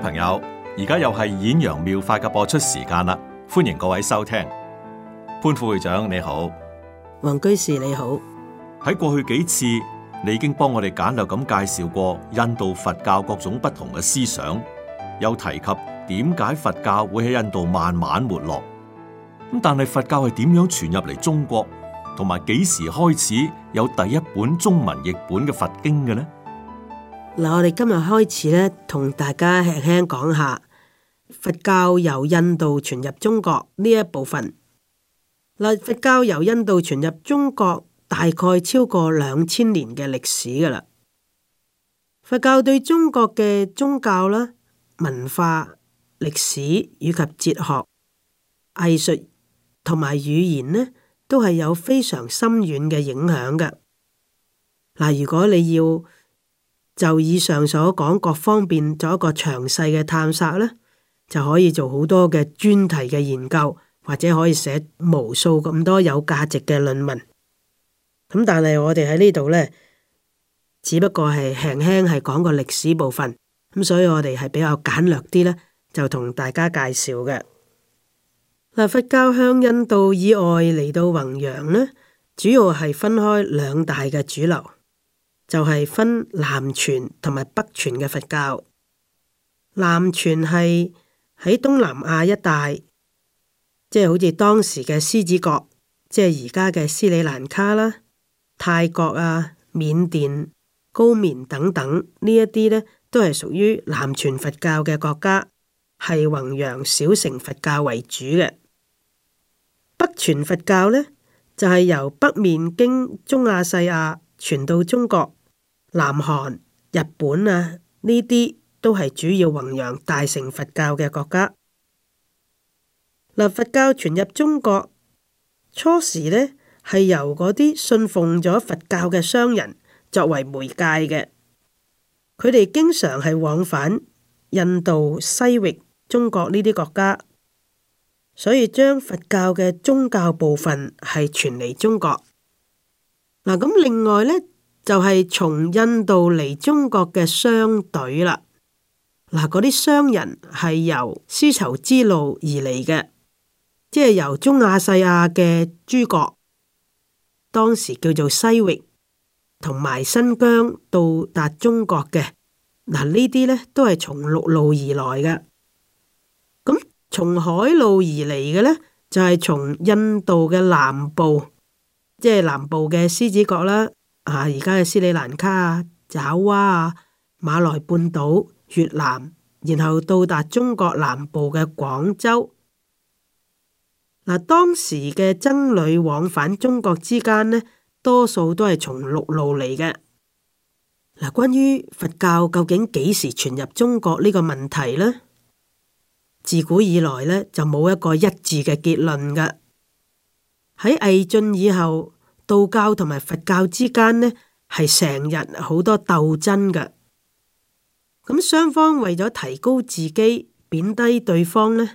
朋友，而家又係演揚妙法嘅播出時間啦，歡迎各位收聽。潘副會長你好，黃居士你好。喺過去幾次，你已經幫我哋簡略咁介紹過印度佛教各種不同嘅思想，又提及點解佛教會喺印度慢慢沒落。咁但係佛教係點樣傳入嚟中國，同埋幾時開始有第一本中文譯本嘅佛經嘅呢？嗱，我哋今日開始咧，同大家輕輕講下佛教由印度傳入中國呢一部分。嗱，佛教由印度傳入中國，大概超過兩千年嘅歷史噶啦。佛教對中國嘅宗教啦、文化、歷史以及哲學、藝術同埋語言呢，都係有非常深遠嘅影響嘅。嗱，如果你要就以上所講各方面做一個詳細嘅探索呢，呢就可以做好多嘅專題嘅研究，或者可以寫無數咁多有價值嘅論文。咁但係我哋喺呢度呢，只不過係輕輕係講個歷史部分。咁所以我哋係比較簡略啲咧，就同大家介紹嘅。嗱，佛教向印度以外嚟到弘揚呢，主要係分開兩大嘅主流。就係分南傳同埋北傳嘅佛教。南傳係喺東南亞一帶，即係好似當時嘅獅子國，即係而家嘅斯里蘭卡啦、泰國啊、緬甸、高棉等等，呢一啲呢都係屬於南傳佛教嘅國家，係弘揚小乘佛教為主嘅。北傳佛教呢就係由北面經中亞細亞傳到中國。南韓、日本啊，呢啲都係主要弘揚大乘佛教嘅國家。嗱，佛教傳入中國，初時呢係由嗰啲信奉咗佛教嘅商人作為媒介嘅，佢哋經常係往返印度、西域、中國呢啲國家，所以將佛教嘅宗教部分係傳嚟中國。嗱，咁另外呢。就係從印度嚟中國嘅商隊啦，嗱，嗰啲商人係由絲綢之路而嚟嘅，即係由中亞細亞嘅諸國，當時叫做西域，同埋新疆到達中國嘅。嗱，呢啲呢都係從陸路而來嘅。咁從海路而嚟嘅呢，就係從印度嘅南部，即係南部嘅獅子國啦。啊！而家嘅斯里蘭卡、爪哇啊、馬來半島、越南，然後到達中國南部嘅廣州。嗱，當時嘅僧侶往返中國之間咧，多數都係從陸路嚟嘅。嗱，關於佛教究竟幾時傳入中國呢個問題咧，自古以來咧就冇一個一致嘅結論嘅。喺魏晉以後，道教同埋佛教之間呢，係成日好多鬥爭㗎。咁雙方為咗提高自己，貶低對方呢，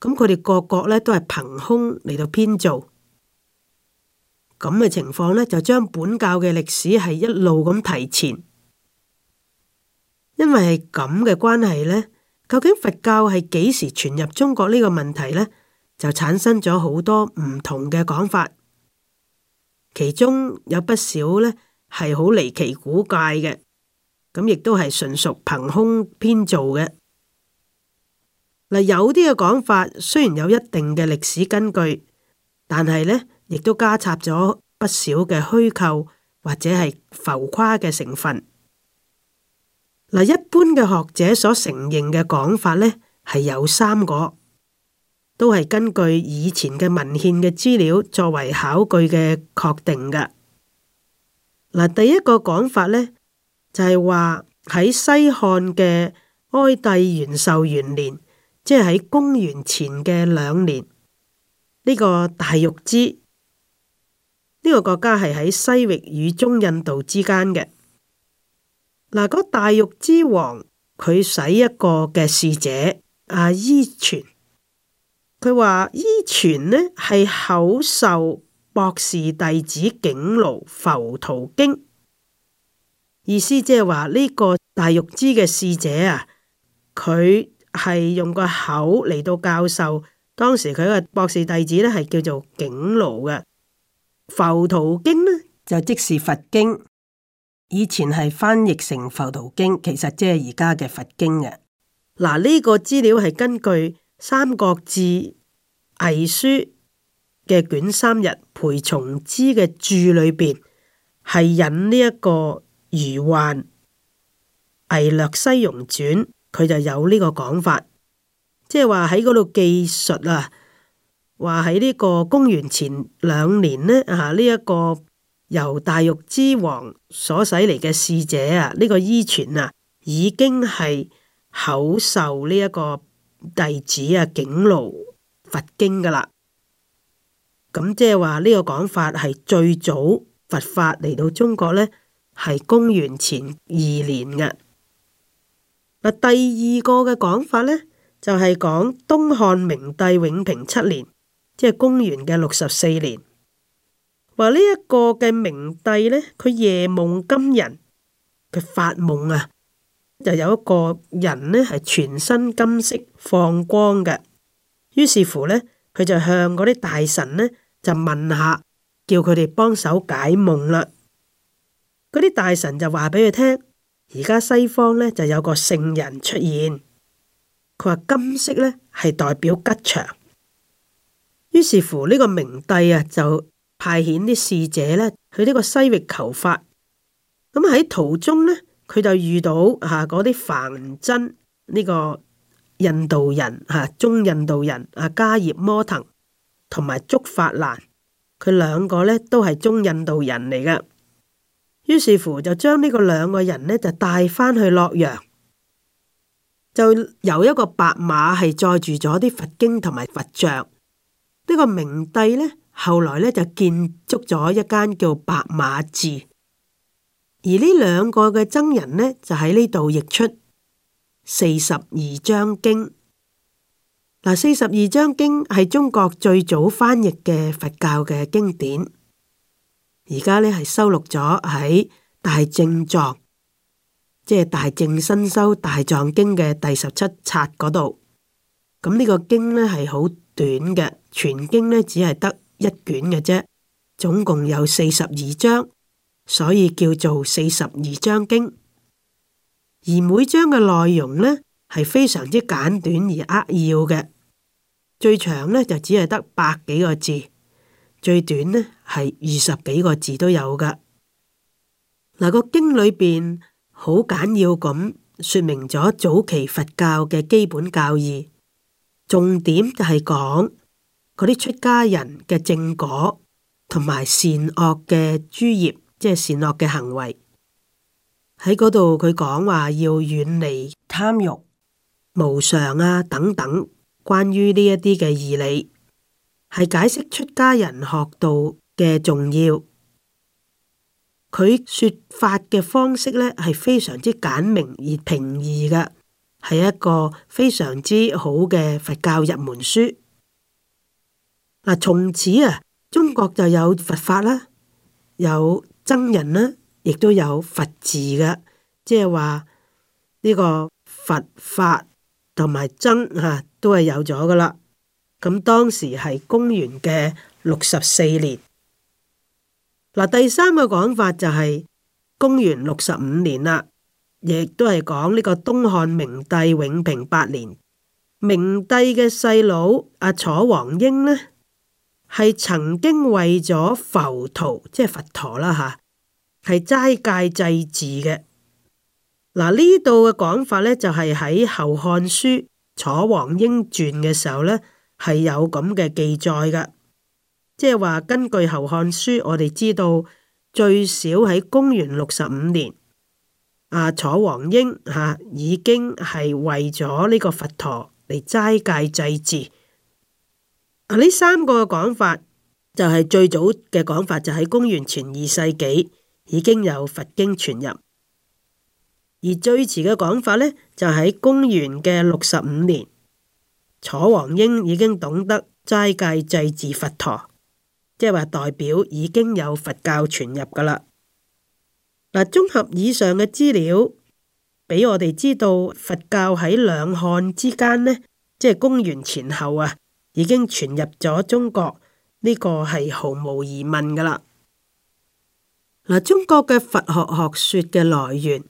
咁佢哋各個呢都係憑空嚟到編造咁嘅情況呢，就將本教嘅歷史係一路咁提前。因為係咁嘅關係呢，究竟佛教係幾時傳入中國呢個問題呢，就產生咗好多唔同嘅講法。其中有不少呢係好離奇古怪嘅，咁亦都係純屬憑空編造嘅。嗱，有啲嘅講法雖然有一定嘅歷史根據，但係呢亦都加插咗不少嘅虛構或者係浮誇嘅成分。嗱，一般嘅學者所承認嘅講法呢係有三個。都係根據以前嘅文獻嘅資料作為考據嘅確定噶。嗱，第一個講法呢，就係話喺西漢嘅哀帝元壽元年，即係喺公元前嘅兩年，呢個大月氏呢個國家係喺西域與中印度之間嘅。嗱，嗰大月氏王佢使一個嘅使者阿伊存。佢話伊存呢係口授博士弟子景盧浮屠經，意思即係話呢個大月氏嘅使者啊，佢係用個口嚟到教授。當時佢個博士弟子呢係叫做景盧嘅，浮屠經呢就即是佛經，以前係翻譯成浮屠經，其實即係而家嘅佛經嘅。嗱呢個資料係根據。《三國志》魏書嘅卷三日裴松之嘅注裏邊係引呢一個魚豢《魚豢魏略西戎傳》，佢就有呢個講法，即係話喺嗰度記述啊，話喺呢個公元前兩年呢，啊，呢、這、一個由大月氏王所使嚟嘅使者啊，呢、這個伊存啊已經係口授呢一個。弟子啊，景盧佛經噶啦，咁即係話呢個講法係最早佛法嚟到中國呢，係公元前二年嘅。嗱，第二個嘅講法呢，就係、是、講東漢明帝永平七年，即係公元嘅六十四年，話呢一個嘅明帝呢，佢夜夢金人，佢發夢啊。就有一個人咧，係全身金色放光嘅。於是乎呢，佢就向嗰啲大臣呢就問下，叫佢哋幫手解夢啦。嗰啲大臣就話俾佢聽，而家西方呢就有個聖人出現。佢話金色呢係代表吉祥。於是乎呢個明帝啊，就派遣啲使者呢去呢個西域求法。咁喺途中呢。佢就遇到嚇，嗰啲梵真呢、這個印度人嚇、啊，中印度人阿迦葉摩騰同埋竺法蘭，佢兩個呢都係中印度人嚟㗎。於是乎就將呢個兩個人呢就帶翻去洛陽，就由一個白馬係載住咗啲佛經同埋佛像。呢、這個明帝呢，後來呢就建築咗一間叫白馬寺。而呢兩個嘅僧人呢，就喺呢度譯出四十二章經。嗱，四十二章經係中國最早翻譯嘅佛教嘅經典。而家呢係收錄咗喺大正藏，即係大正新修大藏經嘅第十七冊嗰度。咁呢個經呢係好短嘅，全經呢只係得一卷嘅啫，總共有四十二章。所以叫做四十二章經，而每章嘅內容呢，係非常之簡短而扼要嘅。最長呢，就只係得百幾個字，最短呢，係二十幾個字都有噶。嗱、那，個經裏邊好簡要咁說明咗早期佛教嘅基本教義，重點就係講嗰啲出家人嘅正果同埋善惡嘅諸業。即係善惡嘅行為，喺嗰度佢講話要遠離貪欲、無常啊等等，關於呢一啲嘅義理，係解釋出家人學道嘅重要。佢説法嘅方式呢，係非常之簡明而平易嘅，係一個非常之好嘅佛教入門書。嗱，從此啊，中國就有佛法啦，有。僧人呢，亦都有佛字嘅，即係話呢個佛法同埋僧吓，都係有咗噶啦。咁當時係公元嘅六十四年。嗱，第三個講法就係公元六十五年啦，亦都係講呢個東漢明帝永平八年，明帝嘅細佬阿楚王英呢，係曾經為咗浮屠，即係佛陀啦吓，係、啊、齋戒祭祀嘅。嗱呢度嘅講法呢，就係喺《後漢書楚王英傳》嘅時候呢，係有咁嘅記載噶。即係話根據《後漢書》，我哋知道最少喺公元六十五年，啊楚王英吓、啊、已經係為咗呢個佛陀嚟齋戒祭祀。呢三個嘅講法就係最早嘅講法，就喺公元前二世紀已經有佛經傳入；而最遲嘅講法呢就喺公元嘅六十五年，楚王英已經懂得齋戒祭祀佛陀，即係話代表已經有佛教傳入㗎喇。嗱，綜合以上嘅資料，俾我哋知道佛教喺兩漢之間呢即係公元前後啊。已經傳入咗中國，呢個係毫無疑問噶啦。嗱，中國嘅佛學學說嘅來源，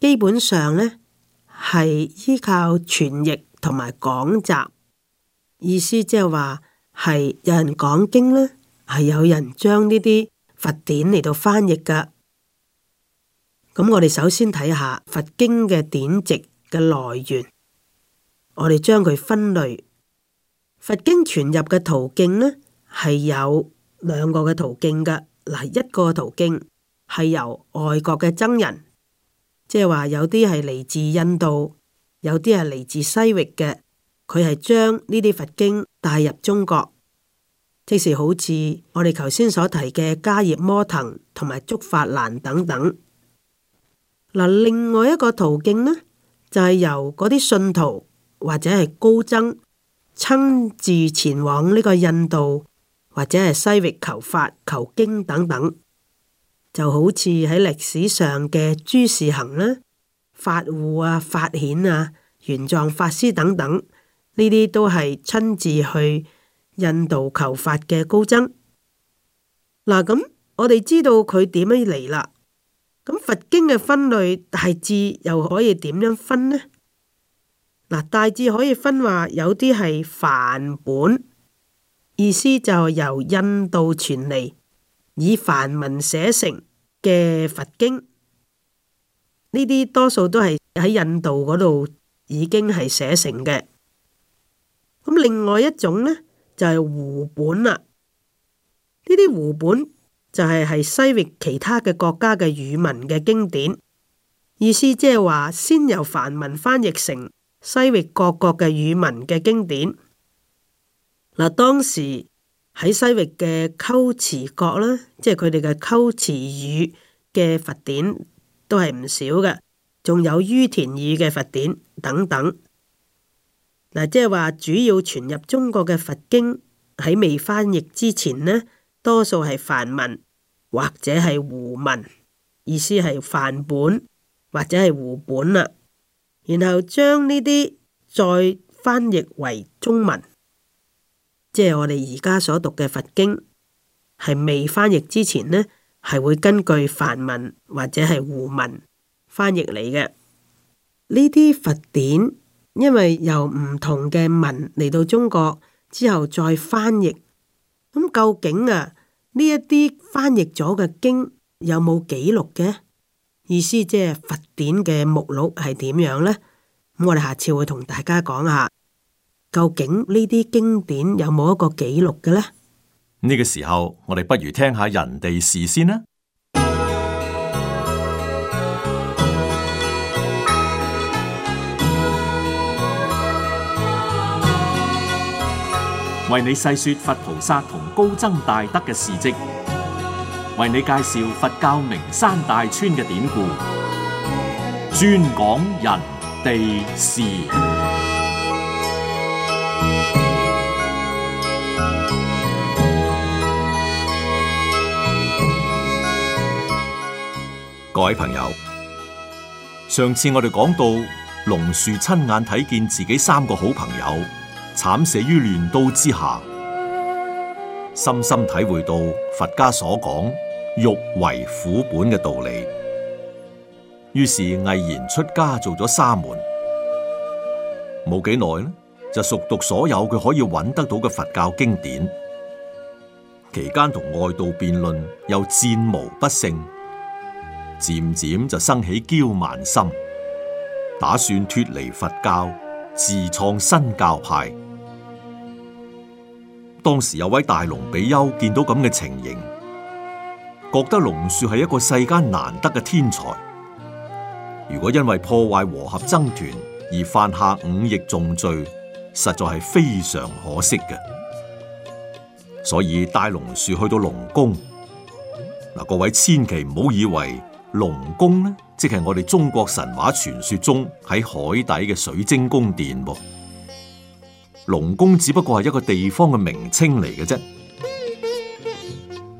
基本上呢係依靠傳譯同埋講習，意思即係話係有人講經呢係有人將呢啲佛典嚟到翻譯噶。咁我哋首先睇下佛經嘅典籍嘅來源，我哋將佢分類。佛經傳入嘅途徑呢，係有兩個嘅途徑嘅。嗱，一個途徑係由外國嘅僧人，即係話有啲係嚟自印度，有啲係嚟自西域嘅，佢係將呢啲佛經帶入中國，即是好似我哋頭先所提嘅迦葉摩騰同埋竺法蘭等等。嗱，另外一個途徑呢，就係、是、由嗰啲信徒或者係高僧。親自前往呢個印度或者係西域求法求經等等，就好似喺歷史上嘅朱士行啦、法護啊、法顯啊、玄奘法師等等，呢啲都係親自去印度求法嘅高僧。嗱，咁我哋知道佢點樣嚟啦。咁佛經嘅分類大致又可以點樣分呢？嗱，大致可以分話，有啲係梵本，意思就由印度傳嚟，以梵文寫成嘅佛經，呢啲多數都係喺印度嗰度已經係寫成嘅。咁另外一種呢，就係、是、胡本啦，呢啲胡本就係係西域其他嘅國家嘅語文嘅經典，意思即係話先由梵文翻譯成。西域各國嘅語文嘅經典，嗱當時喺西域嘅龜茲國啦，即係佢哋嘅龜茲語嘅佛典都係唔少嘅，仲有于闐語嘅佛典等等。嗱，即係話主要傳入中國嘅佛經喺未翻譯之前呢，多數係梵文或者係胡文，意思係梵本或者係胡本啦。然後將呢啲再翻譯為中文，即係我哋而家所讀嘅佛經，係未翻譯之前呢，係會根據梵文或者係胡文翻譯嚟嘅。呢啲佛典，因為由唔同嘅文嚟到中國之後再翻譯，咁究竟啊呢一啲翻譯咗嘅經有冇記錄嘅？意思即係佛典嘅目錄係點樣呢？咁我哋下次會同大家講下，究竟呢啲經典有冇一個記錄嘅呢？呢個時候，我哋不如聽下人哋事先啦。 為你細説佛菩薩同高僧大德嘅事蹟。為你介紹佛教名山大川嘅典故，專講人地事。各位朋友，上次我哋講到龍樹親眼睇見自己三個好朋友慘死於亂刀之下，深深體會到佛家所講。欲為苦本嘅道理，於是毅然出家做咗沙門。冇幾耐咧，就熟讀所有佢可以揾得到嘅佛教經典。期間同外道辯論又戰無不勝，漸漸就生起驕慢心，打算脫離佛教，自創新教派。當時有位大龍比丘見到咁嘅情形。覺得龍樹係一個世間難得嘅天才，如果因為破壞和合僧團，而犯下五逆重罪，實在係非常可惜嘅。所以帶龍樹去到龍宮，嗱，各位千祈唔好以為龍宮呢，即係我哋中國神話傳說中喺海底嘅水晶宮殿喎，龍宮只不過係一個地方嘅名稱嚟嘅啫。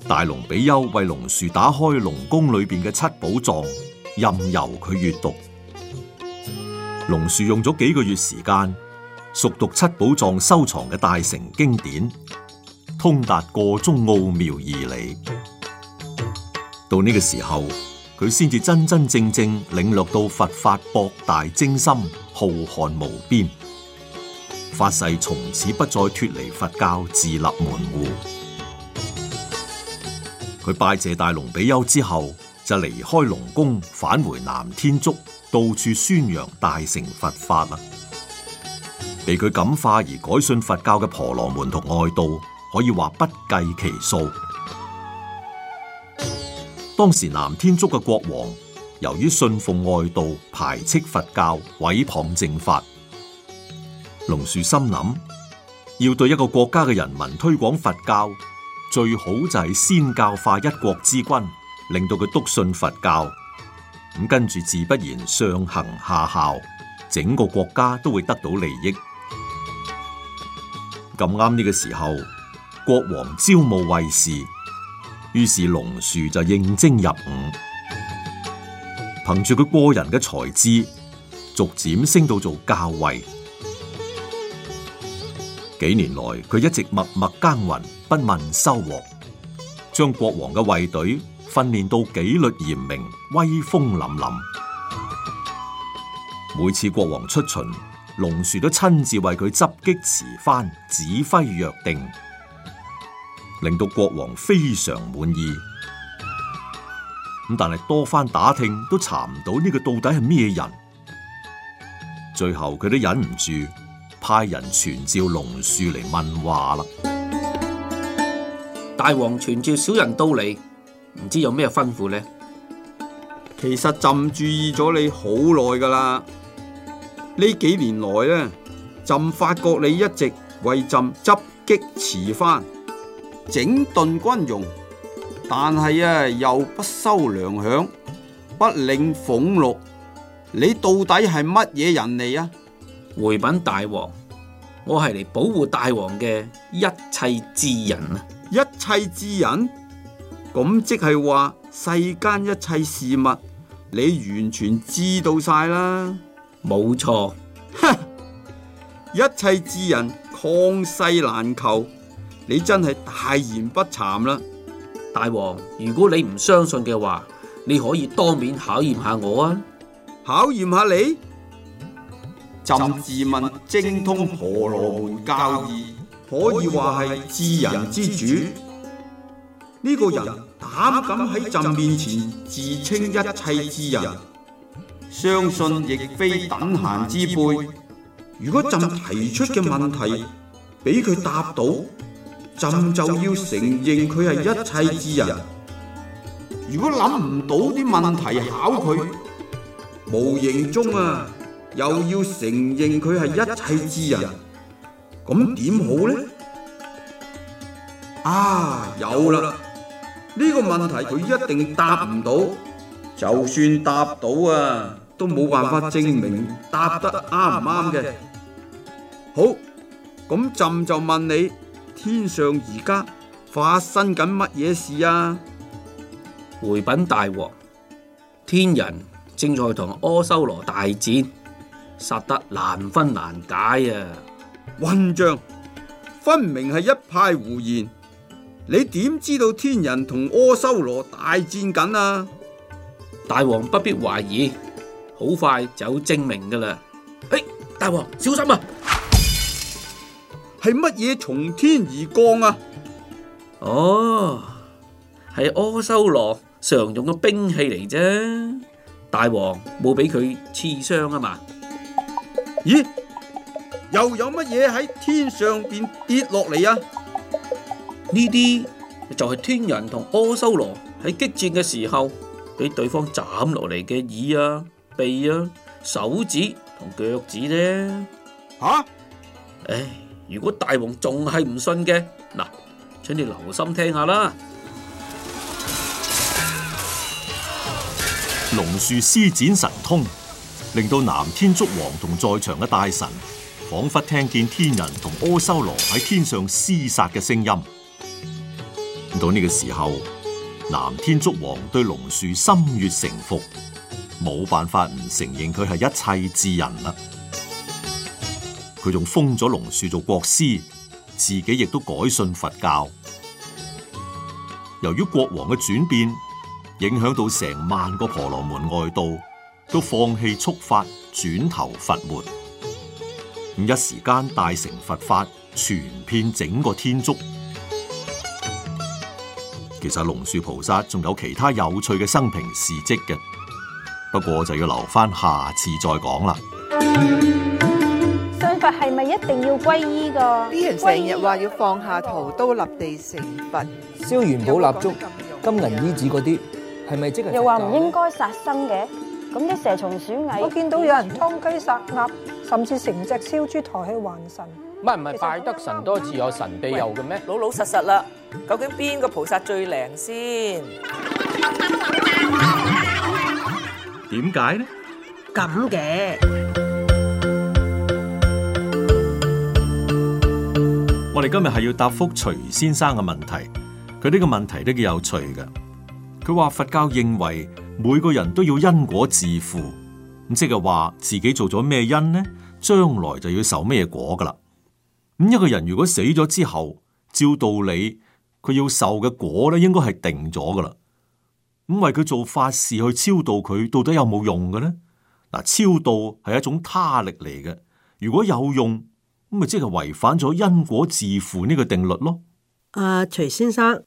大龍比丘為龍樹打開龍宮裏邊嘅七寶藏，任由佢閱讀。龍樹用咗幾個月時間，熟讀七寶藏收藏嘅大乘經典，通達個中奧妙而嚟。到呢個時候，佢先至真真正正領略到佛法博大精深、浩瀚無邊。發誓從此不再脫離佛教，自立門戶。佢拜謝大龍比丘之後，就離開龍宮，返回南天竺，到處宣揚大乘佛法啦。被佢感化而改信佛教嘅婆羅門同外道，可以話不計其數。當時南天竺嘅國王，由於信奉外道，排斥佛教，毀謗正法。龍樹心諗，要對一個國家嘅人民推廣佛教。最好就係先教化一國之君，令到佢篤信佛教，咁跟住自不然上行下效，整個國家都會得到利益。咁啱呢個時候，國王招募衛士，於是龍樹就應徵入伍，憑住佢個人嘅才智，逐漸升到做教尉。幾年來，佢一直默默耕耘。不問收穫，將國王嘅衛隊訓練到紀律嚴明、威風凜凜。每次國王出巡，龍樹都親自為佢執擊旗幡、指揮若定，令到國王非常滿意。咁但係多番打聽都查唔到呢個到底係咩人，最後佢都忍唔住派人傳召龍樹嚟問話啦。大王傳召小人到嚟，唔知有咩吩咐呢？其實朕注意咗你好耐噶啦，呢幾年來呢，朕發覺你一直為朕執擊遲番整頓軍容，但係啊又不收糧餉、不領俸禄，你到底係乜嘢人嚟啊？回稟大王，我係嚟保護大王嘅一切智人啊！一切智人，咁即係話世間一切事物，你完全知道晒啦？冇錯。 一切智人曠世難求，你真係大言不慚啦，大王。如果你唔相信嘅話，你可以當面考驗下我啊，考驗下你。朕自問精通婆羅門教義。可以話係智人之主。呢個人膽敢喺朕面前自稱一切智人，相信亦非等閒之輩。如果朕提出嘅問題俾佢答到，朕就要承認佢係一切智人；如果諗唔到啲問題考佢，無形中啊又要承認佢係一切智人。咁點好咧？啊，有啦！呢個問題佢一定答唔到，就算答到啊，都冇辦法證明答得啱唔啱嘅。好、啊、咁、這個啊、朕就問你，天上而家發生緊乜嘢事啊？回禀大王，天人正在同阿修羅大戰，殺得難分難解啊！混帳，分明係一派胡言，你點知道天人同阿修羅大戰緊啊？大王不必懷疑，好快就有證明噶啦。哎，大王小心啊！係乜嘢從天而降啊？哦，係阿修羅常用嘅兵器嚟啫。大王冇俾佢刺傷啊嘛？咦？又有乜嘢喺天上邊跌落嚟啊？呢啲就係天人同阿修羅喺激戰嘅時候，俾對方斬落嚟嘅耳啊、鼻啊、手指同腳趾啫、啊。吓、啊？誒、哎，如果大王仲係唔信嘅，嗱，請你留心聽下啦。龍樹施展神通，令到南天竺王同在場嘅大臣。仿佛聽見天人同阿修羅喺天上廝殺嘅聲音。到呢個時候，南天竺王對龍樹心悦誠服，冇辦法唔承認佢係一切智人啦。佢仲封咗龍樹做國師，自己亦都改信佛教。由於國王嘅轉變，影響到成萬個婆羅門外道都放棄觸法，轉頭佛門。一時間大乘佛法，傳遍整個天竺。其實龍樹菩薩仲有其他有趣嘅生平事跡嘅，不過就要留翻下，下次再講啦。信佛係咪一定要皈依㗎？啲人成日話要放下屠刀立地成佛，燒元寶蠟燭、金銀衣紙嗰啲，係咪即係？又話唔應該殺生嘅，咁啲蛇蟲鼠蟻，我見到有人殺雞殺鴨。甚至成隻燒豬抬起還神。唔係，唔係拜得神多自有神庇佑嘅咩？老老實實啦，究竟邊個菩薩最靈先？點解呢？咁嘅，我哋今日係要答覆徐先生嘅問題，佢呢個問題都幾有趣嘅。佢話佛教認為每個人都要因果自負。咁即係話自己做咗咩因呢？將來就要受咩果噶啦。咁一個人如果死咗之後，照道理佢要受嘅果咧，應該係定咗噶啦。咁為佢做法事去超度佢，到底有冇用嘅呢？嗱，超度係一種他力嚟嘅，如果有用咁咪，即係違反咗因果自負呢個定律咯。啊、呃，徐先生，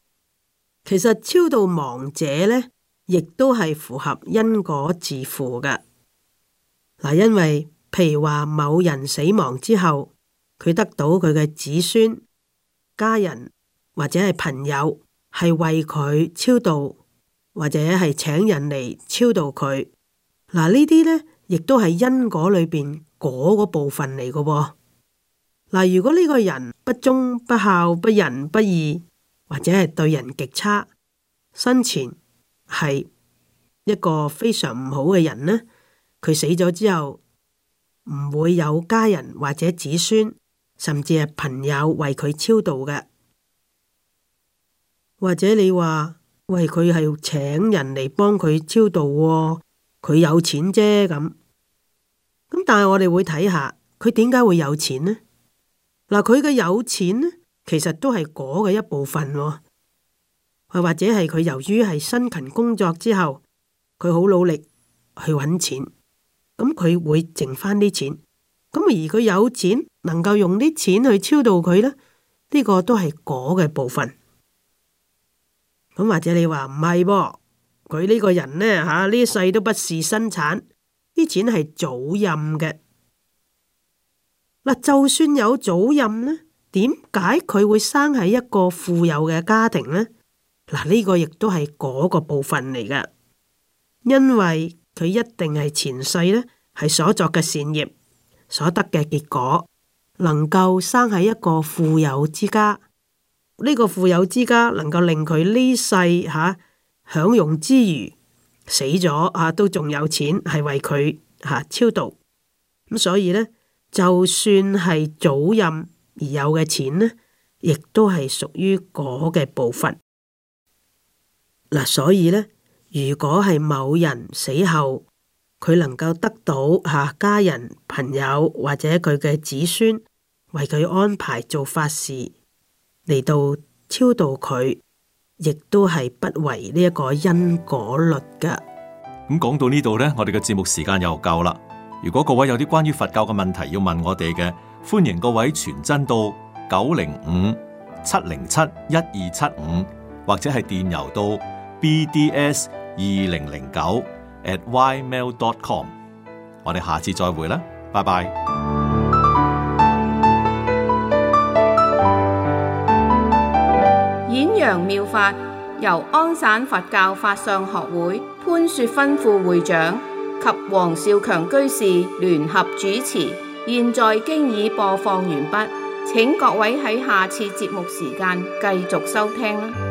其實超度亡者咧，亦都係符合因果自負嘅。嗱，因為譬如話某人死亡之後，佢得到佢嘅子孫、家人或者係朋友，係為佢超度，或者係請人嚟超度佢。嗱，呢啲呢亦都係因果裏邊果嗰部分嚟噶。嗱，如果呢個人不忠不孝不仁不義，或者係對人極差，生前係一個非常唔好嘅人呢？佢死咗之後，唔會有家人或者子孫，甚至係朋友為佢超度嘅，或者你話喂，佢係請人嚟幫佢超度，佢有錢啫咁。咁但係我哋會睇下佢點解會有錢呢？嗱，佢嘅有錢呢，其實都係果嘅一部分，又或者係佢由於係辛勤工作之後，佢好努力去揾錢。咁佢會剩翻啲錢，咁而佢有錢，能夠用啲錢去超度佢咧，呢、呢個都係嗰嘅部分。咁或者你話唔係噃，佢呢個人呢，吓呢一世都不事生產，啲錢係祖蔭嘅。嗱，就算有祖蔭呢，點解佢會生喺一個富有嘅家庭呢？嗱，呢個亦都係嗰個部分嚟噶，因為。佢一定係前世呢，係所作嘅善業所得嘅結果，能夠生喺一個富有之家。呢、這個富有之家能夠令佢呢世吓、啊、享用之餘，死咗啊都仲有錢，係為佢吓、啊、超度。咁、啊、所以呢，就算係早任而有嘅錢呢，亦都係屬於果嘅部分。嗱、啊，所以呢。如果係某人死後，佢能夠得到吓家人、朋友或者佢嘅子孫為佢安排做法事嚟到超度佢，亦都係不違呢一個因果律嘅。咁講到呢度呢，我哋嘅節目時間又夠啦。如果各位有啲關於佛教嘅問題要問我哋嘅，歡迎各位傳真到九零五七零七一二七五，75, 或者係電郵到 bds。二零零九 at ymail dot com，我哋下次再會啦，拜拜。演揚妙法由安省佛教法相學會潘雪芬副會長及黃少強居士聯合主持，現在經已播放完畢，請各位喺下次節目時間繼續收聽啦。